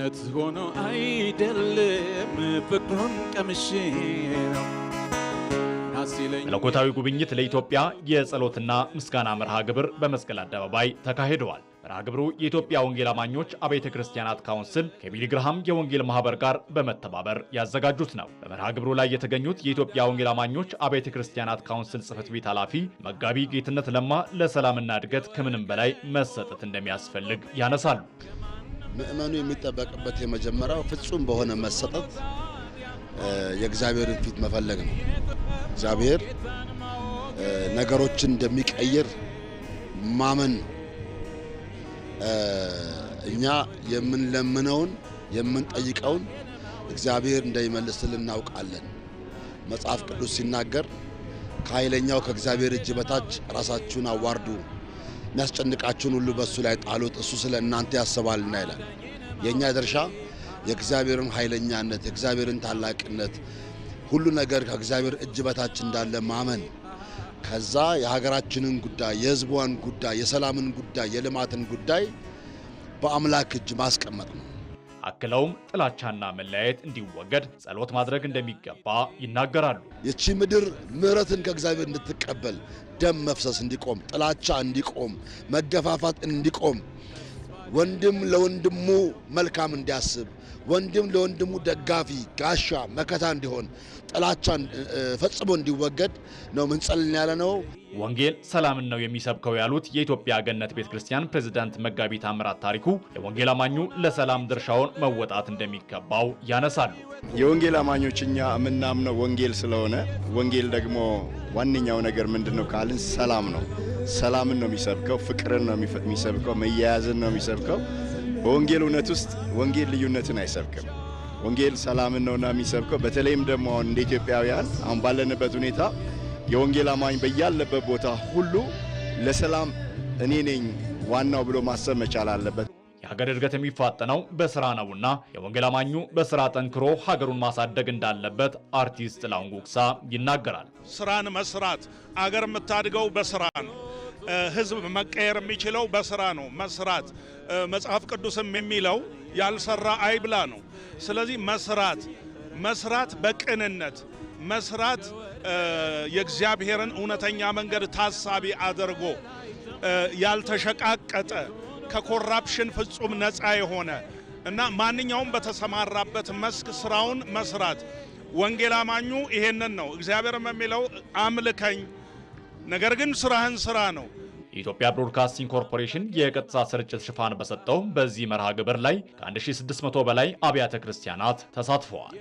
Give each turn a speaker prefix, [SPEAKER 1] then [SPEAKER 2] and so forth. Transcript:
[SPEAKER 1] እውነት ሆኖ አይደለም ፍቅሩን ቀምሼ ነው። መለኮታዊ ጉብኝት ለኢትዮጵያ የጸሎትና ምስጋና መርሃ ግብር በመስቀል አደባባይ ተካሂደዋል። መርሃ ግብሩ የኢትዮጵያ ወንጌል አማኞች አብያተ ክርስቲያናት ካውንስል ከቢሊ ግርሃም የወንጌል ማህበር ጋር በመተባበር ያዘጋጁት ነው። በመርሃ ግብሩ ላይ የተገኙት የኢትዮጵያ ወንጌል አማኞች አብያተ ክርስቲያናት ካውንስል ጽሕፈት ቤት ኃላፊ መጋቢ ጌትነት ለማ ለሰላምና እድገት ከምንም በላይ መሰጠት እንደሚያስፈልግ ያነሳሉ።
[SPEAKER 2] ምእመኑ የሚጠበቅበት የመጀመሪያው ፍጹም በሆነ መሰጠት የእግዚአብሔርን ፊት መፈለግ ነው። እግዚአብሔር ነገሮችን እንደሚቀይር ማመን ነው። እኛ የምንለምነውን የምንጠይቀውን እግዚአብሔር እንደሚመልስልን እናውቃለን። መጽሐፍ ቅዱስ ሲናገር ከኃይለኛው ከእግዚአብሔር እጅ በታች ራሳችሁን አዋርዱ የሚያስጨንቃችሁን ሁሉ በእሱ ላይ ጣሉት፣ እሱ ስለ እናንተ ያስባልና ይላል። የእኛ ድርሻ የእግዚአብሔርን ኃይለኛነት፣ የእግዚአብሔርን ታላቅነት፣ ሁሉ ነገር ከእግዚአብሔር እጅ በታች እንዳለ ማመን ከዛ የሀገራችንን ጉዳይ፣ የህዝቧን ጉዳይ፣ የሰላምን ጉዳይ፣ የልማትን ጉዳይ በአምላክ እጅ ማስቀመጥ ነው።
[SPEAKER 1] አክለውም ጥላቻና መለያየት እንዲወገድ ጸሎት ማድረግ እንደሚገባ ይናገራሉ።
[SPEAKER 2] ይቺ ምድር ምሕረትን ከእግዚአብሔር እንድትቀበል ደም መፍሰስ እንዲቆም፣ ጥላቻ እንዲቆም፣ መገፋፋት እንዲቆም ወንድም ለወንድሙ መልካም እንዲያስብ ወንድም ለወንድሙ ደጋፊ ጋሻ መከታ እንዲሆን ጥላቻን ፈጽሞ እንዲወገድ ነው ምንጸልን ያለ ነው።
[SPEAKER 1] ወንጌል ሰላምን ነው የሚሰብከው ያሉት የኢትዮጵያ ገነት ቤተ ክርስቲያን ፕሬዝዳንት መጋቢ ታምራት ታሪኩ የወንጌል አማኙ ለሰላም ድርሻውን መወጣት እንደሚገባው ያነሳሉ። የወንጌል አማኞች
[SPEAKER 3] እኛ የምናምነው ወንጌል ስለሆነ ወንጌል ደግሞ ዋነኛው ነገር ምንድን ነው ካልን ሰላም ነው። ሰላምን ነው የሚሰብከው፣ ፍቅርን ነው የሚሰብከው፣ መያያዝን ነው የሚሰብከው። በወንጌል እውነት ውስጥ ወንጌል ልዩነትን አይሰብክም። ወንጌል ሰላምን ነውና የሚሰብከው። በተለይም ደግሞ አሁን እንደ ኢትዮጵያውያን አሁን ባለንበት ሁኔታ የወንጌል አማኝ በያለበት ቦታ ሁሉ ለሰላም እኔ ነኝ ዋናው ብሎ ማሰብ መቻል አለበት።
[SPEAKER 1] የሀገር እድገት የሚፋጠነው በስራ ነውና የወንጌል አማኙ በስራ ጠንክሮ ሀገሩን ማሳደግ እንዳለበት አርቲስት ላንጉክሳ ይናገራል።
[SPEAKER 4] ስራን መስራት አገር የምታድገው በስራ ነው። ህዝብ መቀየር የሚችለው በስራ ነው። መስራት መጽሐፍ ቅዱስም የሚለው ያልሰራ አይብላ ነው። ስለዚህ መስራት መስራት በቅንነት መስራት የእግዚአብሔርን እውነተኛ መንገድ ታሳቢ አድርጎ ያልተሸቃቀጠ ከኮራፕሽን ፍጹም ነፃ የሆነ እና ማንኛውም በተሰማራበት መስክ ስራውን መስራት ወንጌል አማኙ ይሄንን ነው እግዚአብሔርም የሚለው አምልከኝ ነገር
[SPEAKER 1] ግን ስራህን ስራ ነው። የኢትዮጵያ ብሮድካስቲንግ ኮርፖሬሽን የቀጥታ ስርጭት ሽፋን በሰጠው በዚህ መርሃ ግብር ላይ ከ1600 በላይ አብያተ ክርስቲያናት ተሳትፈዋል።